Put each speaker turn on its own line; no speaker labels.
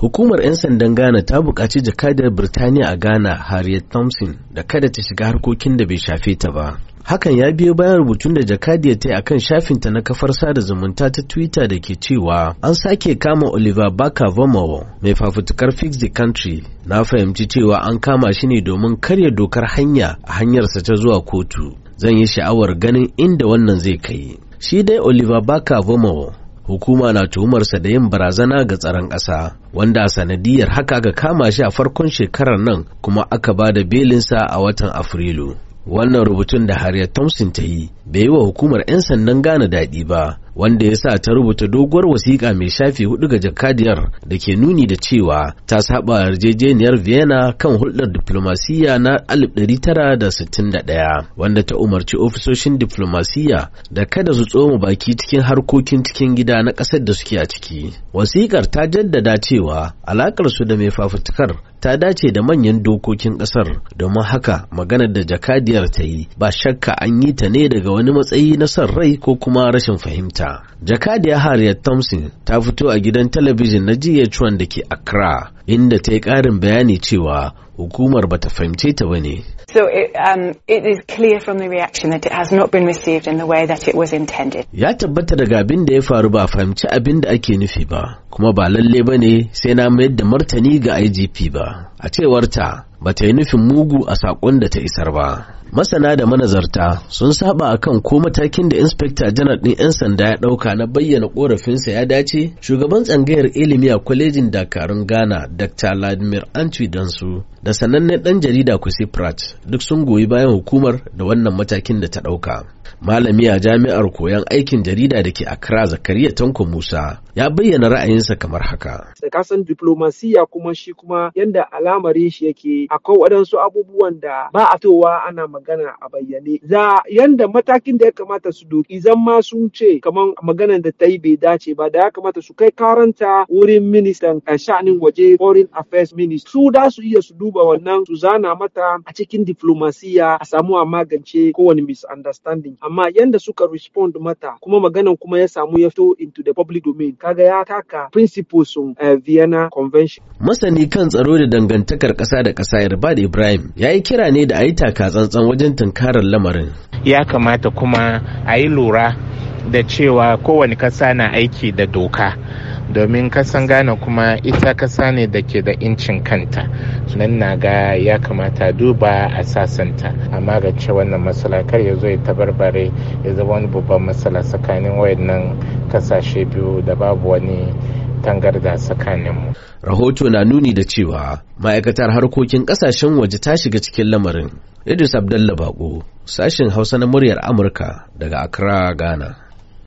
Hukumar 'yan sandan Ghana ta buƙaci jakadar Birtaniya a Ghana Harriet Thompson da kada ta shiga harkokin da bai shafe ta ba. Hakan ya biyo bayan rubutun da jakadiya ta yi a kan shafinta na kafar sada zumunta ta Twitter da ke cewa an sake kama Oliver Baka Vomowo mai fafutukar Fix the Country. Na fahimci cewa an kama shi ne domin karya dokar hanya a hanyarsa ta zuwa kotu. Zan yi sha'awar ganin inda wannan zai kai. Shi dai Oliver Baka Vomowo hukuma na tuhumarsa da yin barazana ga tsaron ƙasa wanda sanadiyar haka aka kama shi a farkon shekarar nan kuma aka ba da belinsa a watan afrilu wannan rubutun da harriet thompson ta yi bai yi wa hukumar 'yan sandan gane daɗi ba wanda ya sa ta rubuta doguwar wasiƙa mai shafi hudu ga jakadiyar da ke nuni da cewa ta saba yarjejeniyar vienna kan hulɗar diflomasiyya na 1961 wanda ta umarci ofisoshin diflomasiyya da kada su tsoma baki cikin harkokin cikin gida na ƙasar da suke a ciki wasiƙar ta jaddada cewa alaƙar su da mai fafutukar ta dace da manyan dokokin ƙasar domin haka maganar da jakadiyar ta yi ba shakka an yi ta ne daga wani matsayi na son rai ko kuma rashin fahimta ta. Jakadiya Harriet Thompson ta fito a gidan talabijin na GH1 da ke Accra inda ta yi ƙarin bayani cewa hukumar ba ta fahimce ta ba ne So it, um, it is clear from the reaction that it has not been received in the way that it was intended. Ya tabbata daga abin da ya faru ba fahimci abin da ake nufi ba, kuma ba lalle ba ne sai na mayar da martani ga IGP ba. A cewar ta, ba ta yi nufin mugu a sakon da ta isar ba. Masana da manazarta sun saba kan ko matakin da Inspector janar ɗin 'yan sanda ya ɗauka na bayyana ƙorafinsa ya dace, shugaban tsangayar ilimi a kwalejin dakarun Ghana, Dr. Vladimir Antwi Dansu, da sanannen ɗan jarida Kwesi Pratt duk sun goyi bayan hukumar da wannan matakin da ta ɗauka. Malami a jami'ar koyon aikin jarida da ke Accra Zakariya Tanko Musa ya bayyana ra'ayinsa kamar haka.
Ka san diplomasiya kuma shi kuma yanda alamarin shi yake akwai waɗansu abubuwan da ba a towa ana magana a bayyane. Za yanda matakin da ya kamata su doki zan ma sun ce kamar maganar da ta yi bai dace ba da ya kamata su kai karanta wurin ministan sha'anin waje foreign affairs minister su da su iya su duba wannan su zana mata a cikin diplomasiya a samu a magance kowane misunderstanding amma yanda suka respond mata kuma maganan kuma ya samu ya fito into the public domain kaga ya taka principles uh, Vienna Convention.
Masani kan tsaro da dangantakar ƙasa da ƙasa yarbad Ibrahim ya yi kira ne da a yi taka tsantsan wajen tunkarar lamarin.
Ya kamata kuma a yi lura da cewa kowane ƙasa na aiki da doka. domin kasan ghana kuma ita kasa ne da ke da incin kanta nan na ga ya kamata duba a sasanta amma ga ce wannan matsala kar ya zo ya tabarbare ya zama wani babban matsala tsakanin wayannan kasashe biyu da babu wani tangarda tsakaninmu.
Rahoto na nuni da cewa ma'aikatar harkokin kasashen waje ta shiga cikin lamarin. Idris Abdallah Bako, sashen Hausa na muryar Amurka daga Accra, Ghana.